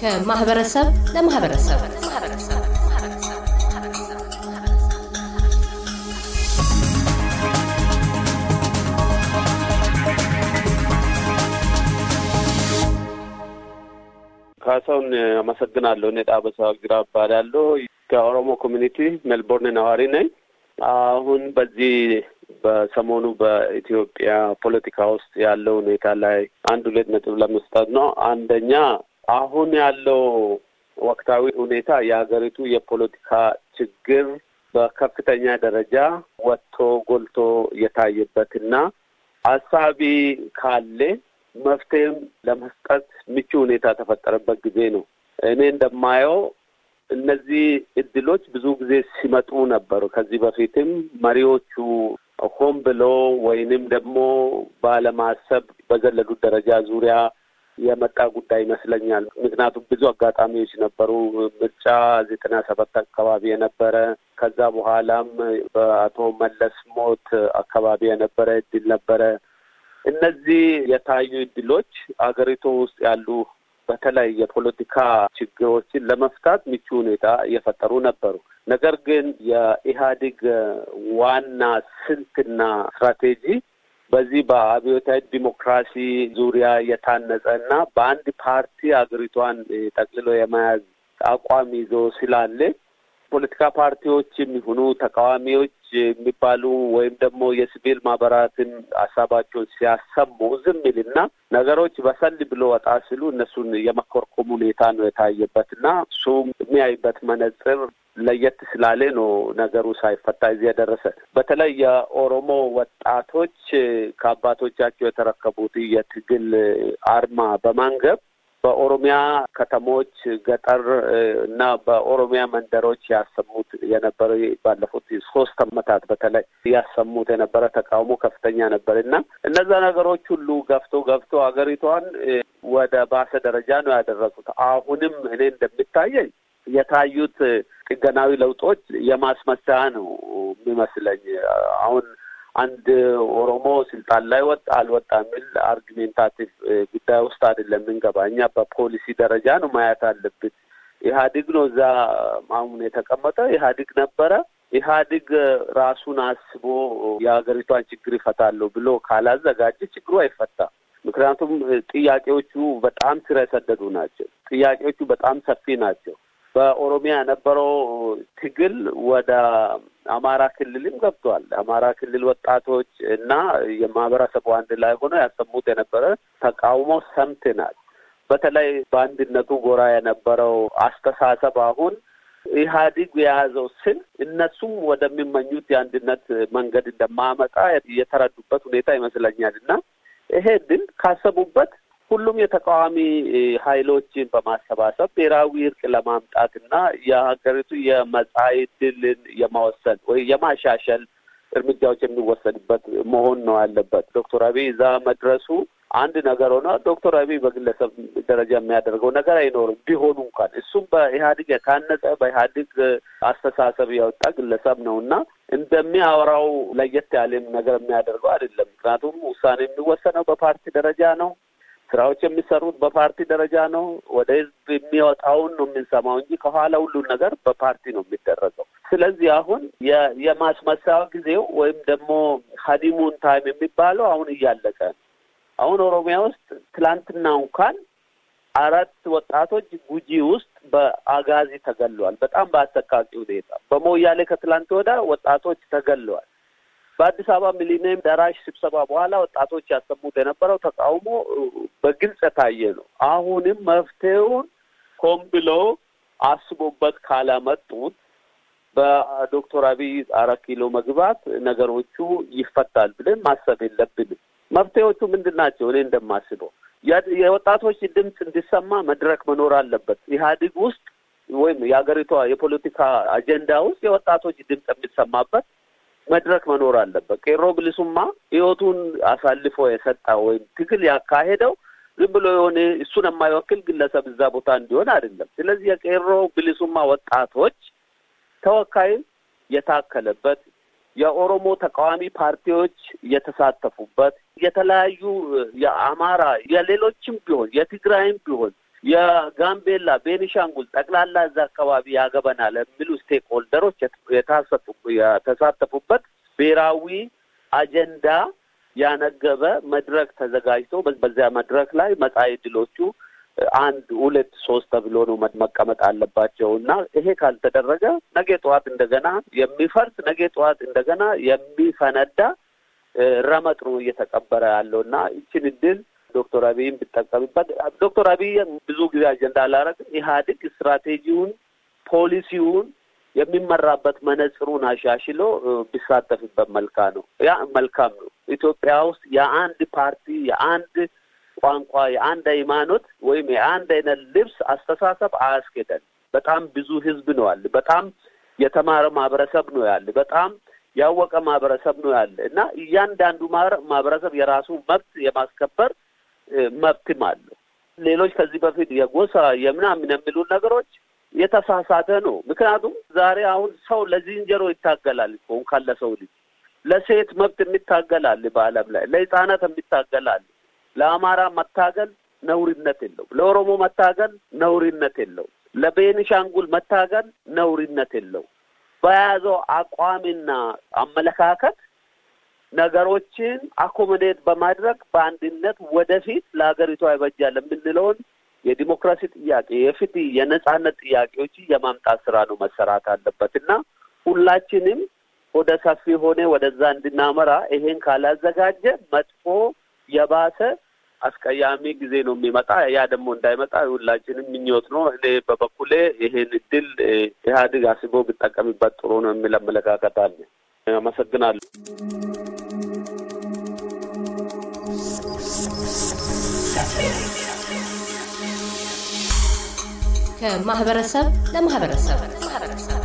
ከማህበረሰብ ለማህበረሰብ ካሳውን አመሰግናለሁ። እኔ ጣበሳ ግራ እባላለሁ። ከኦሮሞ ኮሚኒቲ ሜልቦርን ነዋሪ ነኝ። አሁን በዚህ በሰሞኑ በኢትዮጵያ ፖለቲካ ውስጥ ያለው ሁኔታ ላይ አንድ ሁለት ነጥብ ለመስጠት ነው። አንደኛ አሁን ያለው ወቅታዊ ሁኔታ የሀገሪቱ የፖለቲካ ችግር በከፍተኛ ደረጃ ወጥቶ ጎልቶ የታየበትና አሳቢ ካለ መፍትሄም ለመስጠት ምቹ ሁኔታ ተፈጠረበት ጊዜ ነው። እኔ እንደማየው እነዚህ እድሎች ብዙ ጊዜ ሲመጡ ነበሩ። ከዚህ በፊትም መሪዎቹ ሆን ብሎ ወይንም ደግሞ ባለማሰብ በዘለዱት ደረጃ ዙሪያ የመጣ ጉዳይ ይመስለኛል። ምክንያቱም ብዙ አጋጣሚዎች ነበሩ። ምርጫ ዘጠና ሰባት አካባቢ የነበረ ከዛ በኋላም በአቶ መለስ ሞት አካባቢ የነበረ እድል ነበረ። እነዚህ የታዩ እድሎች አገሪቱ ውስጥ ያሉ በተለይ የፖለቲካ ችግሮችን ለመፍታት ምቹ ሁኔታ እየፈጠሩ ነበሩ። ነገር ግን የኢህአዴግ ዋና ስልትና ስትራቴጂ በዚህ በአብዮታዊ ዲሞክራሲ ዙሪያ የታነጸ እና በአንድ ፓርቲ አገሪቷን ጠቅልሎ የመያዝ አቋም ይዞ ስላለ ፖለቲካ ፓርቲዎች የሚሆኑ ተቃዋሚዎች የሚባሉ ወይም ደግሞ የሲቪል ማህበራትን ሀሳባቸውን ሲያሰሙ ዝም ይልና ነገሮች በሰል ብሎ ወጣ ሲሉ እነሱን የመኮርኮም ሁኔታ ነው የታየበትና እሱም የሚያይበት መነጽር ለየት ስላለ ነው ነገሩ ሳይፈታ እዚህ የደረሰ። በተለይ የኦሮሞ ወጣቶች ከአባቶቻቸው የተረከቡት የትግል አርማ በማንገብ በኦሮሚያ ከተሞች ገጠር እና በኦሮሚያ መንደሮች ያሰሙት የነበረ ባለፉት ሶስት ዓመታት በተለይ ያሰሙት የነበረ ተቃውሞ ከፍተኛ ነበር እና እነዛ ነገሮች ሁሉ ገፍቶ ገፍቶ ሀገሪቷን ወደ ባሰ ደረጃ ነው ያደረሱት። አሁንም እኔ እንደሚታየኝ የታዩት ጥገናዊ ለውጦች የማስመሰያ ነው የሚመስለኝ አሁን አንድ ኦሮሞ ስልጣን ላይ ወጣ አልወጣ የሚል አርጊሜንታቲቭ ጉዳይ ውስጥ አይደለም እንገባ። እኛ በፖሊሲ ደረጃ ነው ማየት አለብን። ኢህአዲግ ነው እዛ አሁን የተቀመጠ ኢህአዲግ ነበረ። ኢህአዲግ ራሱን አስቦ የሀገሪቷን ችግር ይፈታለሁ ብሎ ካላዘጋጀ ችግሩ አይፈታም። ምክንያቱም ጥያቄዎቹ በጣም ስር የሰደዱ ናቸው። ጥያቄዎቹ በጣም ሰፊ ናቸው። በኦሮሚያ የነበረው ትግል ወደ አማራ ክልልም ገብቷል። አማራ ክልል ወጣቶች እና የማህበረሰቡ አንድ ላይ ሆነው ያሰሙት የነበረ ተቃውሞ ሰምተናል። በተለይ በአንድነቱ ጎራ የነበረው አስተሳሰብ አሁን ኢህአዲግ የያዘው ስል እነሱም ወደሚመኙት የአንድነት መንገድ እንደማመጣ የተረዱበት ሁኔታ ይመስለኛል እና ይሄ ድል ካሰቡበት ሁሉም የተቃዋሚ ኃይሎችን በማሰባሰብ ብሔራዊ እርቅ ለማምጣት እና የሀገሪቱ የመጻኢ ድልን የማወሰን ወይ የማሻሸል እርምጃዎች የሚወሰድበት መሆን ነው ያለበት። ዶክተር አብይ እዛ መድረሱ አንድ ነገር ሆነ። ዶክተር አብይ በግለሰብ ደረጃ የሚያደርገው ነገር አይኖርም። ቢሆኑ እንኳን እሱም በኢህአዴግ የታነጸ በኢህአዴግ አስተሳሰብ የወጣ ግለሰብ ነው እና እንደሚያወራው ለየት ያለ ነገር የሚያደርገው አይደለም። ምክንያቱም ውሳኔ የሚወሰነው በፓርቲ ደረጃ ነው። ስራዎች የሚሰሩት በፓርቲ ደረጃ ነው። ወደ ህዝብ የሚወጣውን ነው የምንሰማው እንጂ ከኋላ ሁሉን ነገር በፓርቲ ነው የሚደረገው። ስለዚህ አሁን የማስመሰያ ጊዜው ወይም ደግሞ ሀዲሙን ታይም የሚባለው አሁን እያለቀ ነው። አሁን ኦሮሚያ ውስጥ ትላንትና እንኳን አራት ወጣቶች ጉጂ ውስጥ በአጋዚ ተገለዋል። በጣም በአሰቃቂ ሁኔታ በሞያሌ ከትላንት ወዳ ወጣቶች ተገለዋል። በአዲስ አበባ ሚሊኒየም ደራሽ ስብሰባ በኋላ ወጣቶች ያሰሙት የነበረው ተቃውሞ በግልጽ የታየ ነው። አሁንም መፍትሄውን ኮም ብሎ አስቦበት ካላመጡት በዶክተር አብይ አራት ኪሎ መግባት ነገሮቹ ይፈታል ብለን ማሰብ የለብንም። መፍትሄዎቹ ምንድን ናቸው? እኔ እንደማስበው የወጣቶች ድምፅ እንዲሰማ መድረክ መኖር አለበት። ኢህአዴግ ውስጥ ወይም የሀገሪቷ የፖለቲካ አጀንዳ ውስጥ የወጣቶች ድምፅ የሚሰማበት መድረክ መኖር አለበት። ቄሮ ግልሱማ ህይወቱን አሳልፎ የሰጣ ወይም ትግል ያካሄደው ዝም ብሎ የሆነ እሱን የማይወክል ግለሰብ እዛ ቦታ እንዲሆን አይደለም። ስለዚህ የቄሮ ግልሱማ ወጣቶች ተወካይ የታከለበት የኦሮሞ ተቃዋሚ ፓርቲዎች የተሳተፉበት የተለያዩ የአማራ የሌሎችም ቢሆን የትግራይም ቢሆን የጋምቤላ ቤኒሻንጉል ጠቅላላ እዛ አካባቢ ያገበናል የሚሉ ስቴክ ሆልደሮች የተሳተፉበት ብሔራዊ አጀንዳ ያነገበ መድረክ ተዘጋጅቶ በዚያ መድረክ ላይ መጻኢ ዕድሎቹ አንድ ሁለት ሶስት ተብሎ ነው መቀመጥ አለባቸው እና ይሄ ካልተደረገ ነገ ጠዋት እንደገና የሚፈርስ ነገ ጠዋት እንደገና የሚፈነዳ ረመጥ ነው እየተቀበረ ያለው እና ይችን እድል ዶክተር አብይን ቢጠቀምበት ዶክተር አብይ ብዙ ጊዜ አጀንዳ አላረግም። ኢህአዴግ ስትራቴጂውን ፖሊሲውን የሚመራበት መነጽሩን አሻሽሎ ቢሳተፍበት መልካ ነው ያ መልካም ነው። ኢትዮጵያ ውስጥ የአንድ ፓርቲ የአንድ ቋንቋ የአንድ ሃይማኖት ወይም የአንድ አይነት ልብስ አስተሳሰብ አያስኬደን። በጣም ብዙ ህዝብ ነው ያለ፣ በጣም የተማረ ማህበረሰብ ነው ያለ፣ በጣም ያወቀ ማህበረሰብ ነው ያለ እና እያንዳንዱ ማህበረሰብ የራሱ መብት የማስከበር መብትም አለው። ሌሎች ከዚህ በፊት የጎሳ የምናምን የሚሉ ነገሮች የተሳሳተ ነው። ምክንያቱም ዛሬ አሁን ሰው ለዝንጀሮ ይታገላል እኮ እንኳን ለሰው ልጅ ለሴት መብት የሚታገላል በዓለም ላይ ለህፃናት የሚታገላል። ለአማራ መታገል ነውሪነት የለው፣ ለኦሮሞ መታገል ነውሪነት የለው፣ ለቤኒሻንጉል መታገል ነውሪነት የለው። በያዘው አቋምና አመለካከት ነገሮችን አኮሞዴት በማድረግ በአንድነት ወደፊት ለሀገሪቷ ይበጃል የምንለውን የዲሞክራሲ ጥያቄ የፍትህ፣ የነጻነት ጥያቄዎች የማምጣት ስራ ነው መሰራት አለበት እና ሁላችንም ወደ ሰፊ ሆነ ወደዛ እንድናመራ ይሄን ካላዘጋጀ መጥፎ የባሰ አስቀያሚ ጊዜ ነው የሚመጣ። ያ ደግሞ እንዳይመጣ ሁላችንም ምኞት ነው። እኔ በበኩሌ ይሄን እድል ኢህአዴግ አስቦ ቢጠቀምበት ጥሩ ነው የሚል አመለካከት አለ። አመሰግናለሁ። ከማህበረሰብ ለማህበረሰብ